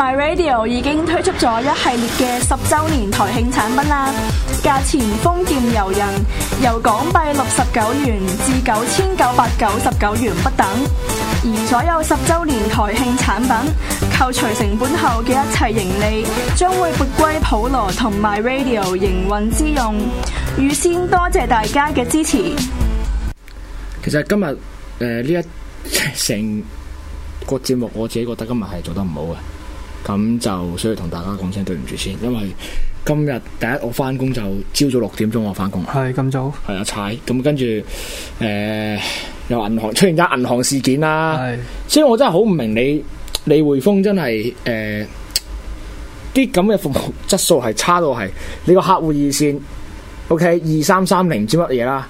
My Radio 已經推出咗一系列嘅十周年台慶產品啦，價錢豐儉由人，由港幣六十九元至九千九百九十九元不等。而所有十周年台慶產品扣除成本後嘅一切盈利，將會撥歸普羅同 My Radio 營運之用。預先多謝大家嘅支持。其實今日誒呢一成個節目，我自己覺得今日係做得唔好嘅。咁就所以同大家講聲對唔住先，因為今日第一我翻工就朝早六點鐘我翻工，係咁早，係啊，踩咁跟住誒，有、呃、銀行出現咗銀行事件啦，係是，所以我真係好唔明你，你匯豐真係誒啲咁嘅服務質素係差到係，你個客戶二線，O K 二三三零唔知乜嘢啦，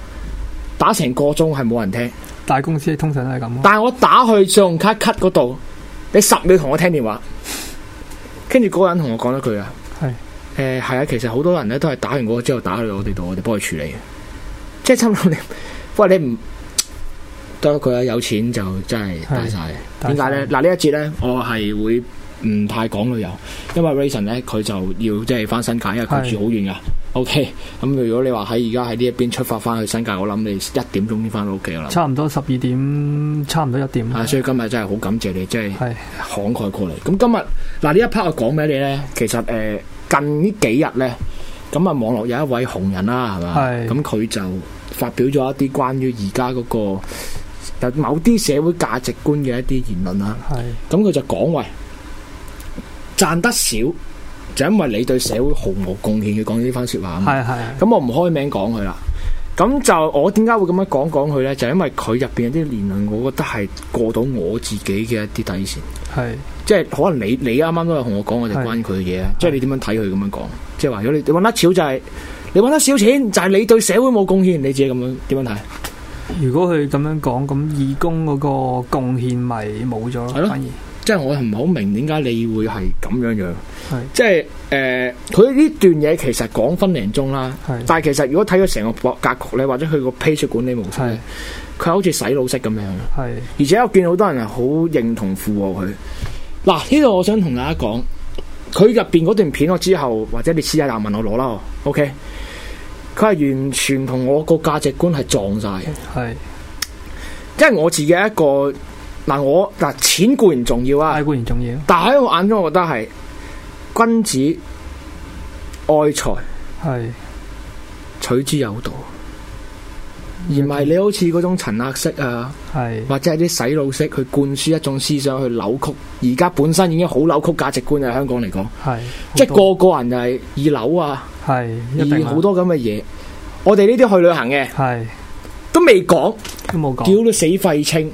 打成個鐘係冇人聽，大公司通常都係咁，但係我打去信用卡 cut 嗰度，你十秒同我聽電話。跟住嗰人同我講一句啊，誒係啊，其實好多人咧都係打完嗰個之後打去我哋度，我哋幫佢處理嘅，即係差唔多你，你不過你唔得一個有錢就真係大晒？點解咧？嗱呢的一節咧，我係會唔太講旅遊，因為 Rayson 咧佢就要即係返新界，因為佢住好遠啊。O K，咁如果你話喺而家喺呢一邊出發翻去新界，我諗你一點鐘先翻到屋企啦。差唔多十二點，差唔多一點啊，所以今日真係好感謝你，是真係慷慨過嚟。咁、嗯、今日嗱呢一 part 我講俾你呢？其實誒、呃、近呢幾日呢，咁、嗯、啊網絡有一位紅人啦，係嘛？咁佢是、嗯、就發表咗一啲關於而家嗰個某啲社會價值觀嘅一啲言論啦。係是。咁佢、嗯嗯、就講喂，賺得少。就因為你對社會毫無貢獻，佢講呢番說話。係係。咁的我唔開名講佢啦。咁就我點解會咁樣講講佢咧？就是，因為佢入邊啲言論，我覺得係過得到我自己嘅一啲底線。係的。即係可能你你啱啱都有同我講，我就關於佢嘅嘢啊。即係你點樣睇佢咁樣講？即係話如果你，就是，你搵得少就係你搵得少錢，就係你對社會冇貢獻。你自己咁樣點樣睇？如果佢咁樣講，咁義工嗰個貢獻咪冇咗咯。係咯的。即係我唔係好明點解你會係咁樣樣，是即係誒，佢、呃、呢段嘢其實講分零鐘啦，是但係其實如果睇咗成個格局咧，或者佢個 page 管理模式，佢是好似洗腦式咁樣，是而且我見到好多人係好認同附和佢。嗱，呢度我想同大家講，佢入邊嗰段片我之後，或者你私底下問我攞啦，OK？佢係完全同我個價值觀係撞晒係，因為是我自己一個。嗱、啊、我嗱錢固然重要啊，固然重要。但喺我眼中，我覺得係君子愛財，係是取之有道，定而唔係你好似嗰種陳壓式啊，是或者係啲洗腦式去灌輸一種思想去扭曲。而家本身已經好扭曲價值觀喺香港嚟講，係即係個個人就係二樓啊，二好、啊、多咁嘅嘢。我哋呢啲去旅行嘅，是都未講，屌都死廢青！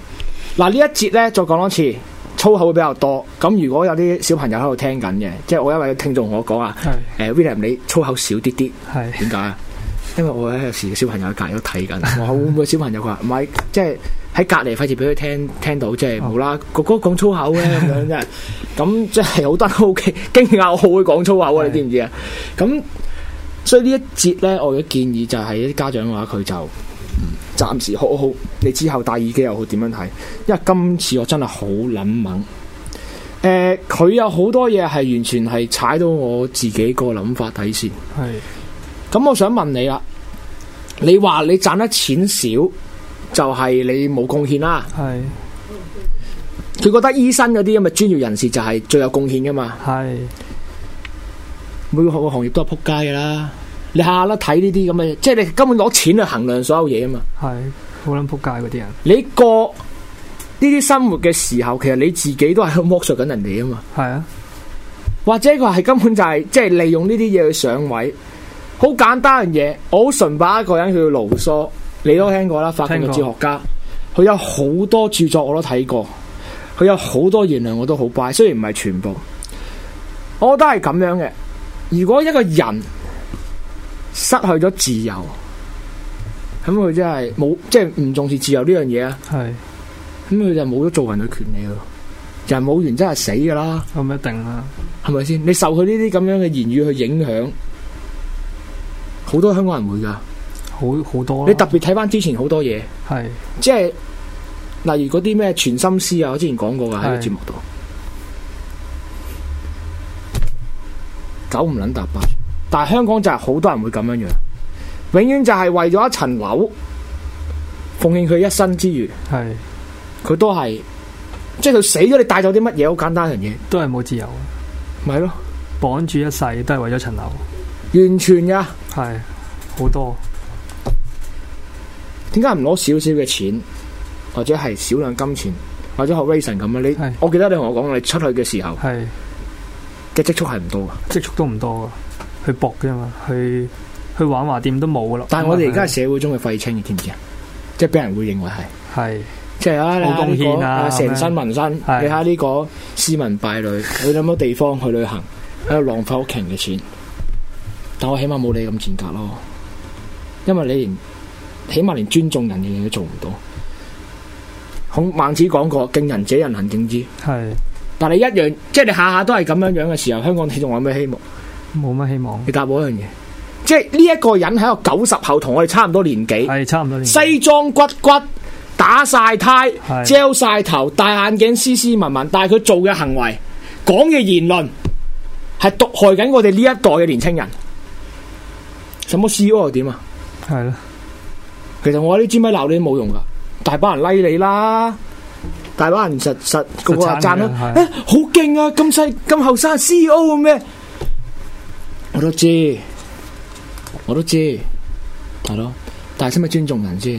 嗱，呢一節咧，再講多次，粗口會比較多。咁如果有啲小朋友喺度聽緊嘅，即係我一位聽眾，我講啊，誒、呃、William，你粗口少啲啲，點解啊？因為我咧有時小朋友隔籬都睇緊，我 會唔會小朋友佢話唔係，即係喺隔籬費事俾佢聽聽到，即係無啦，哥哥講粗口嘅咁、哦、樣，真係咁即係好得好奇驚訝，我好會講粗口啊！是你知唔知啊？咁所以一節呢一節咧，我嘅建議就係啲家長嘅話，佢就。嗯暫時好，好好，你之後戴耳機又好點樣睇？因為今次我真係好捻猛，誒、呃，佢有好多嘢係完全係踩到我自己個諗法底線。係是，咁我想問你啦，你話你賺得錢少就係、是、你冇貢獻啦？係是。佢覺得醫生嗰啲咁嘅專業人士就係最有貢獻噶嘛？係是。每個行業都係扑街噶啦。你下啦睇呢啲咁嘅，嘢，即係你根本攞錢去衡量所有嘢啊嘛。係好卵仆街嗰啲人。你過呢啲生活嘅時候，其實你自己都係喺剝削緊人哋啊嘛。係啊，或者佢係根本就係即係利用呢啲嘢去上位。好簡單嘅嘢，我好純白一個人去盧梭，嗯、你都聽過啦，過法國嘅哲學家，佢有好多著作我都睇過，佢有好多言論我都好 b u 雖然唔係全部。我覺得係咁樣嘅，如果一個人。失去咗自由，咁佢真係冇，即係唔重視自由呢樣嘢啊！係是，咁佢就冇咗做人嘅權利咯。人冇完就，真係死噶啦！咁一定啦，係咪先？你受佢呢啲咁樣嘅言語去影響，好多香港人會噶，好好多。你特別睇翻，之前好多嘢，係是即係，例如嗰啲咩全心思啊，我之前講是過噶喺個節目度，九唔撚搭八。但係香港就係好多人會咁樣樣，永遠就係為咗一層樓奉獻佢一生之餘，係佢是的 都係，即係佢死咗，你帶走啲乜嘢？好簡單一樣嘢，都係冇自由，咪咯的，綁住一世都係為咗層樓，完全噶，係好多，點解唔攞少少嘅錢，或者係少量金錢，或者學 Rayson 咁樣？你是的 我記得你同我講，你出去嘅時候，係嘅積蓄係唔多噶的，積蓄都唔多噶。去搏嘅嘛，去去玩華店都冇噶咯。但係我哋而家係社會中嘅廢青，你知唔知啊？的即係俾人會認為係係，即係啊！你講成身紋身，你睇下呢個斯文敗類，去咁多地方去旅行，喺度浪費屋企人嘅錢。但我起碼冇你咁賤格咯，因為你連起碼連尊重人嘅嘢都做唔到。孔孟子講過，敬人者人恒敬之。係的，但係一樣，即係你下下都係咁樣樣嘅時候，香港你仲有咩希望？冇乜希望。你答我一樣嘢，即係呢一個人喺個九十後，同我哋差唔多年紀，係差唔多年。西裝骨骨，打晒呔，遮晒是的 頭，戴眼鏡，斯斯文文。但係佢做嘅行為，講嘅言論，係毒害緊我哋呢一代嘅年輕人。什麼 C.O. 點啊？係咯。其實我呢支咪鬧你都冇用噶，大把人 l、like、你啦，大把人實實，實個個讚啦，誒好勁啊！咁細咁後生 CEO 咁咩？我都知，我都知，係咯的。但係使唔使尊重人先？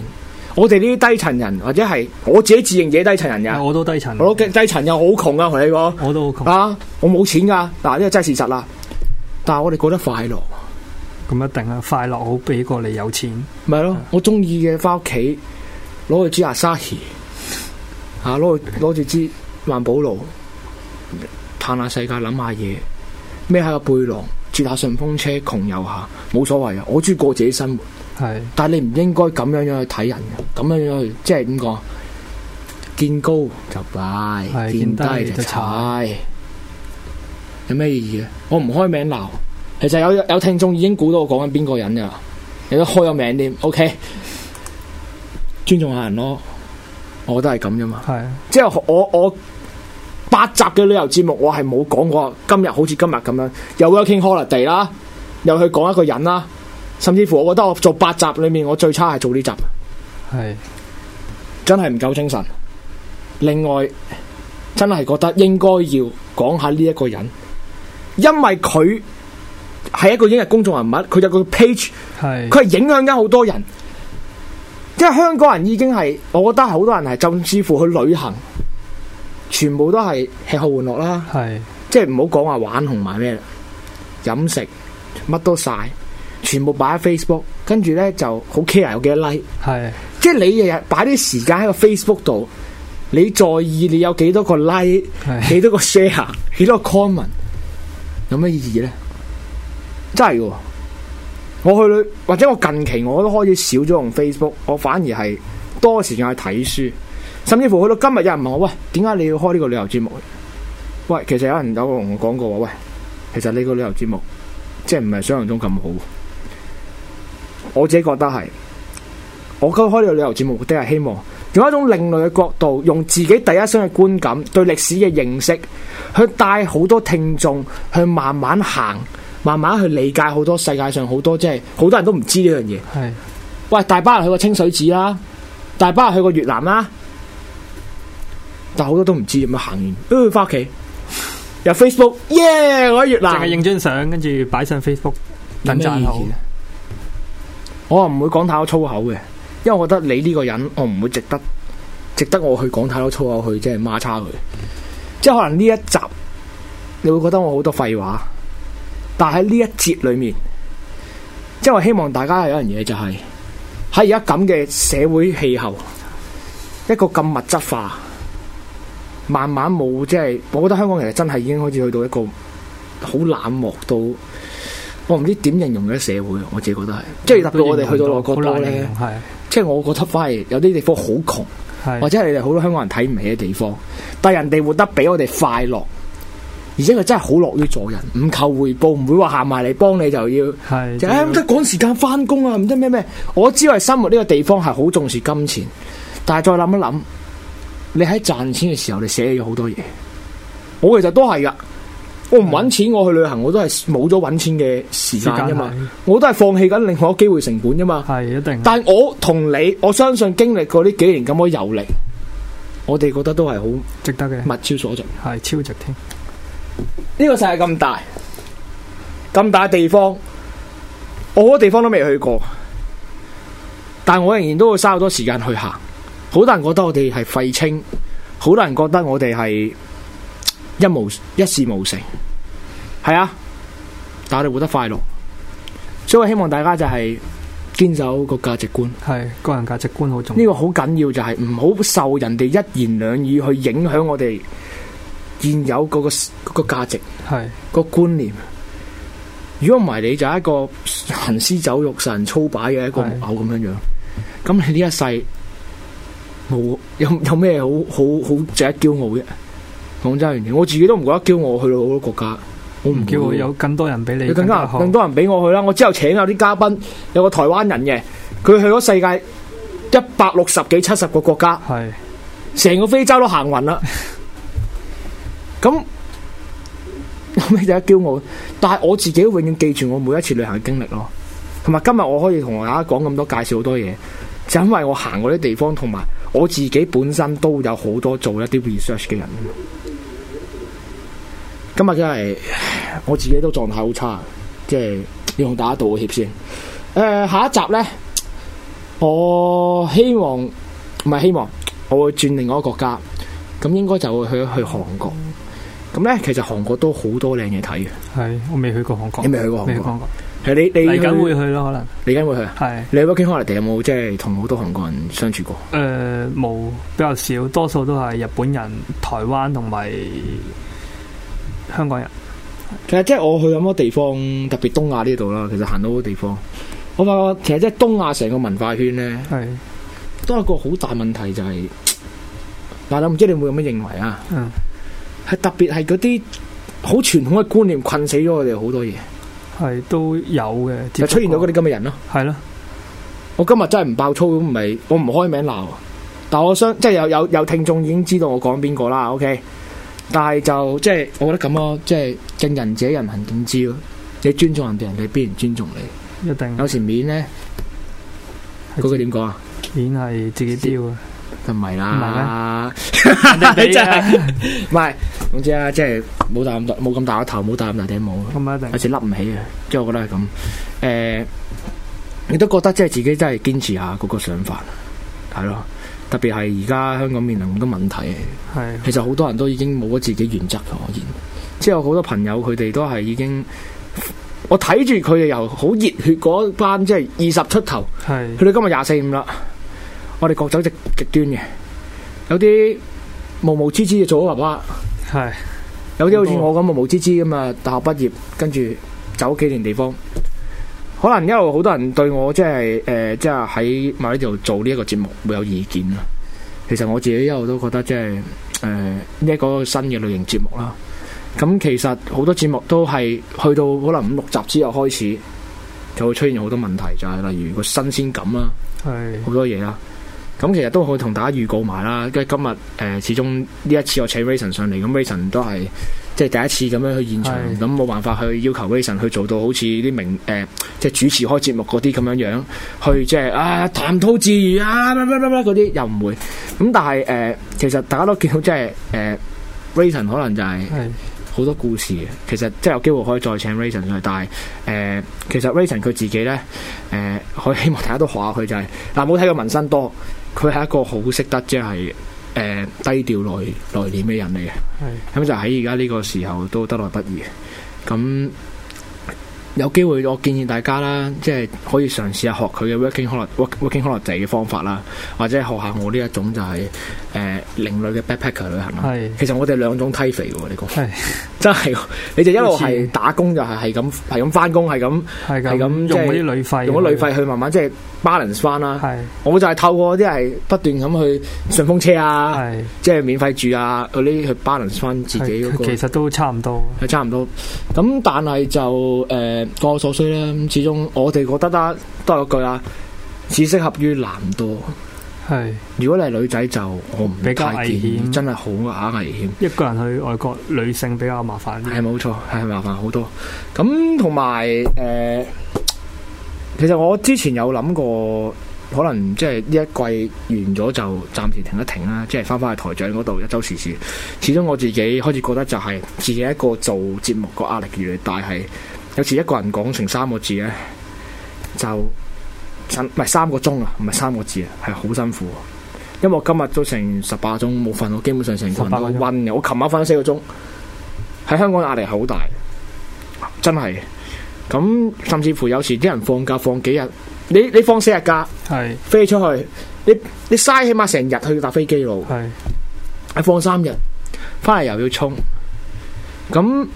我哋呢啲低層人，或者係我自己自認自己低層人嘅，ets, 我都低層，我低層又好窮啊。同你講，我都好窮啊。我冇錢噶，但係呢個真係事實啦。但係我哋過得快樂，咁一定啊！快樂好比過你有錢，咪咯。我中意嘅，翻屋企攞去煮阿沙皮，吓攞去攞住支環保爐嘆下世界，諗下嘢，孭下個背囊。搭順風車窮遊下冇所謂啊！我中意過自己生活，係是，但係你唔應該咁樣樣去睇人嘅，咁樣樣去即係點講？見高就拜，是見低就踩，就有咩意義啊？我唔開名鬧，其實有有聽眾已經估到我講緊邊個人噶，你都開個名添，OK？尊重下人咯，我覺得係咁啫嘛，係啊是，即係我我。我我八集嘅旅遊節目，我係冇講過。今日好似今日咁樣，又 working holiday 啦，又去講一個人啦，甚至乎我覺得我做八集裏面，我最差係做呢集。係是，真係唔夠精神。另外，真係覺得應該要講下呢一個人，因為佢係一個已經係公眾人物，佢有個 page，佢係是影響緊好多人。因為香港人已經係，我覺得好多人係，甚至乎去旅行。全部都係吃喝玩樂啦，是的 即係唔好講話玩同埋咩，飲食乜都晒，全部擺喺 Facebook，跟住呢，就好 care 有幾多 like，< 是的 S 1> 即係你日日擺啲時間喺個 Facebook 度，你在意你有幾多個 like，幾是的 多個 share，幾多個 comment，有咩意義呢？真係喎，我去旅或者我近期我都開始少咗用 Facebook，我反而係多時間去睇書。甚至乎去到今日，有人問我：喂，點解你要開呢個旅遊節目？喂，其實有人有同我講過話：喂，其實呢個旅遊節目即係唔係想象中咁好。我自己覺得係，我開開呢個旅遊節目，目的係希望用一種另類嘅角度，用自己第一身嘅觀感、對歷史嘅認識，去帶好多聽眾去慢慢行，慢慢去理解好多世界上好多即係好多人都唔知呢樣嘢。係是，喂，大巴去過清水寺啦，大巴去過越南啦。但好多都唔知點樣行完翻屋企入 Facebook，耶！Book, yeah, 我越南淨係影張相，跟住擺上 Facebook。等讚的，我話唔會講太多粗口嘅，因為我覺得你呢個人我唔會值得值得我去講太多粗口去，即係孖叉佢。即係可能呢一集你會覺得我好多廢話，但係喺呢一節裏面，即係我希望大家有一樣嘢就係喺而家咁嘅社會氣候，一個咁物質化。慢慢冇即係，我覺得香港其實真係已經開始去到一個好冷漠到，我唔知點形容嘅社會，我自己覺得係。嗯、即係特別我哋去到外國多咧，即係我覺得反而有啲地方好窮，是或者你哋好多香港人睇唔起嘅地方，但係人哋活得比我哋快樂，而且佢真係好樂於助人，唔求回報，唔會話行埋嚟幫你就要，就係唔得趕時間翻工啊，唔知咩咩。我知係生活呢個地方係好重視金錢，但係再諗一諗。你喺賺錢嘅時候，你寫咗好多嘢。我其實都係噶，我唔揾錢，我去旅行，我都係冇咗揾錢嘅時間啊嘛，我都係放棄緊另外一機會成本啫嘛。係一定。但係我同你，我相信經歷過呢幾年咁嘅遊歷，我哋覺得都係好值得嘅，物超所值，係超值添。呢個世界咁大，咁大地方，我好多地方都未去過，但我仍然都會嘥好多時間去行。好多人覺得我哋係廢青，好多人覺得我哋係一無一事無成，係啊，但我哋活得快樂，所以我希望大家就係堅守個價值觀，係個人價值觀好重要。呢個好緊要，要就係唔好受人哋一言兩語去影響我哋現有嗰個嗰個價值，係是個觀念。如果唔係你就係一個行屍走肉、神操擺嘅一個木偶咁樣樣，咁是你呢一世？冇有有咩好好好值得驕傲嘅廣州人嘅，我自己都唔覺得驕傲。去到好多國家，我唔驕傲，有更多人俾你更多人俾我去啦。我之後請有啲嘉賓，有個台灣人嘅，佢去咗世界一百六十幾七十個國家，係成是個非洲都行匀啦。咁 有咩值得驕傲？但係我自己永遠記住我每一次旅行嘅經歷咯。同埋今日我可以同大家講咁多，介紹好多嘢，就因為我行過啲地方，同埋。我自己本身都有好多做一啲 research 嘅人，今日真係我自己都狀態好差，即係要同大家道歉先。誒、呃，下一集呢。我希望唔係希望，我會轉另外一個國家，咁應該就會去去韓國。咁咧，其實韓國都好多靚嘢睇嘅。係，我未去過韓國。你未去過韓國？係，你你嚟緊會去咯，可能你緊會去。係是你喺 working holiday 有冇即係同好多韓國人相處過？誒、呃，冇，比較少，多數都係日本人、台灣同埋香港人。其實即係我去咁多地方，特別東亞呢度啦。其實行到好多地方，我發覺其實即係東亞成個文化圈咧，係是都係個好大問題。就係、是，但係我唔知你會唔會咁樣認為啊？係、嗯、特別係嗰啲好傳統嘅觀念困死咗我哋好多嘢。係都 有嘅，出現咗嗰啲咁嘅人咯。係咯，我今日真係唔爆粗，唔係我唔開名鬧。但我想，即係有有有聽眾已經知道我講邊個啦。O、OK? K，但係就即係我覺得咁咯，即係敬人者人行敬知咯。你尊重人哋，人哋必然尊重你。一定有前面咧，嗰句點講啊？面係自己雕啊，標就唔係啦。唔係。 總之啊，即係冇大咁大，冇咁大個頭，冇大咁大頂帽，有時笠唔起啊。即係我覺得係咁誒，你、欸、都覺得即係自己真係堅持下嗰個想法係咯。特別係而家香港面臨咁多問題，的其實好多人都已經冇咗自己原則可言。即係有好多朋友，佢哋都係已經我睇住佢哋由好熱血嗰班，即係二十出頭，佢哋的今日廿四五啦。我哋各走直極端嘅，有啲無無之之嘅做阿爸，爸。係， 有啲好似我咁啊，冇冇知知咁啊，大學畢業跟住走幾年地方，可能因為好多人對我即係誒，即係喺萬里度做呢一個節目會有意見啦。其實我自己一路都覺得即係誒，呢一個新嘅類型節目啦。咁其實好多節目都係去到可能五六集之後開始就會出現好多問題，就係例如個新鮮感啊好是的 多嘢啊。咁其實都可以同大家預告埋啦。跟住今日誒、呃，始終呢一次我請 Rayson 上嚟，咁 Rayson 都係即係第一次咁樣去現場，咁冇辦法去要求 Rayson 去做到好似啲名誒、呃，即係主持開節目嗰啲咁樣樣，去即係啊談吐自如啊嗰啲又唔會。咁但係誒、呃，其實大家都見到即係誒 Rayson 可能就係好多故事，其實即係有機會可以再請 Rayson 上嚟，但係誒、呃，其實 Rayson 佢自己咧誒、呃，我希望大家都學下佢，就係嗱，冇睇過紋身多。佢係一個好識得即係誒低調內內斂嘅人嚟嘅，係，咁就喺而家呢個時候都得來不易咁。有機會我建議大家啦，即係可以嘗試下學佢嘅 working holiday、working holiday 嘅方法啦，或者學下我呢一種就係誒另類嘅 backpacker 旅行。係是，其實我哋兩種梯肥喎、這個是，你講係真係，你就一路係打工是就係係咁係咁翻工係咁係咁用嗰啲旅，旅費，用咗旅費去慢慢即係、就是、balance 翻啦。係是，我就係透過啲係不斷咁去順風車啊，即係是免費住啊嗰啲去 balance 翻自己嗰、那個。其實都差唔多，係差唔多。咁但係就誒。呃各所需啦，始終我哋覺得啦，都係嗰句啦，只適合於男多係。如果你係女仔就我唔比較危險，真係好啊，危險一個人去外國，女性比較麻煩啲係，冇錯，係麻煩好多。咁同埋誒，其實我之前有諗過，可能即係呢一季完咗就暫時停一停啦，即係翻翻去台長嗰度一周時事。始終我自己開始覺得就係自己一個做節目個壓力越嚟越大，係。有時一個人講成三個字呢，就唔係三，三個鐘啊，唔係三個字啊，係好辛苦。因為我今日都成十八鐘冇瞓，我基本上成個都暈。我琴晚瞓咗四個鐘，喺香港嘅壓力係好大，真係。咁甚至乎有時啲人放假放幾日，你你放四日假，係是飛出去，你你嘥起碼成日去搭飛機路，係是放三日，翻嚟又要衝，咁。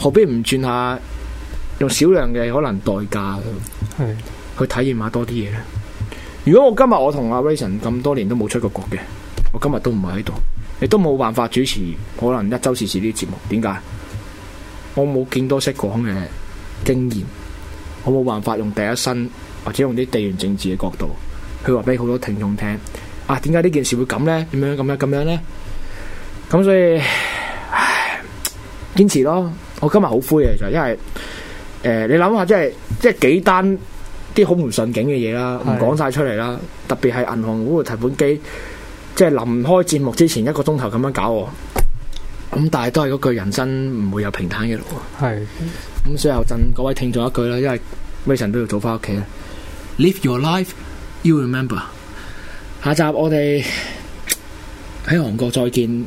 何必唔轉下用少量嘅可能代價，去體驗下多啲嘢呢？如果我今日我同阿 Rayson 咁多年都冇出過國嘅，我今日都唔係喺度，亦都冇辦法主持可能一周四次啲節目。點解？我冇見多識廣嘅經驗，我冇辦法用第一身或者用啲地緣政治嘅角度去話俾好多聽眾聽啊？點解呢件事會咁呢？點樣咁樣咁樣呢？樣」咁所以，唉，堅持咯。我今日好灰嘅，就因為誒、呃，你諗下，即係即係幾單啲好唔順境嘅嘢啦，唔講晒出嚟啦。特別係銀行嗰個提款機，即係臨開節目之前一個鐘頭咁樣搞我，咁、嗯、但係都係嗰句人生唔會有平坦嘅路。係的，咁最後贈各位聽眾一句啦，因為 Rayson 都要早翻屋企。Live your life, you remember。下集我哋喺韓國再見。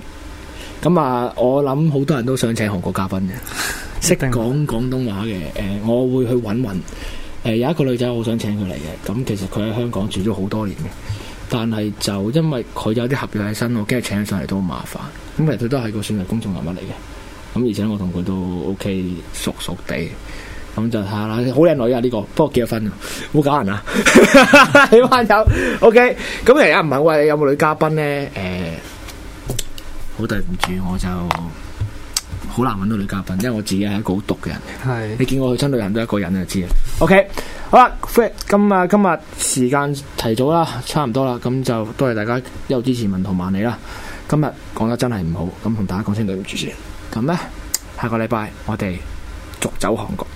咁啊，我諗好多人都想請韓國嘉賓嘅。識講廣東話嘅，誒、呃，我會去揾揾。誒、呃，有一個女仔，我好想請佢嚟嘅。咁其實佢喺香港住咗好多年嘅，但係就因為佢有啲合約喺身，我驚請上嚟都好麻煩。咁其實佢都係個算係公眾人物嚟嘅。咁而且我同佢都 OK 熟熟地，咁、嗯、就下啦。好靚女啊呢、這個，不過結咗婚，好搞人啊，起返走 OK，咁又有唔係？喂，你有冇女嘉賓咧？誒、呃，好對唔住，我就。好難揾到女嘉賓，因為我自己係一個好毒嘅人。係是，你見過我佢，真女人都一個人就知啦。OK，好啦，Frank，今日時間提早啦，差唔多啦，咁就多謝大家一路支持文圖萬里啦。今日講得真係唔好，咁同大家講聲對唔住先。咁、嗯、呢，下個禮拜我哋續走韓國。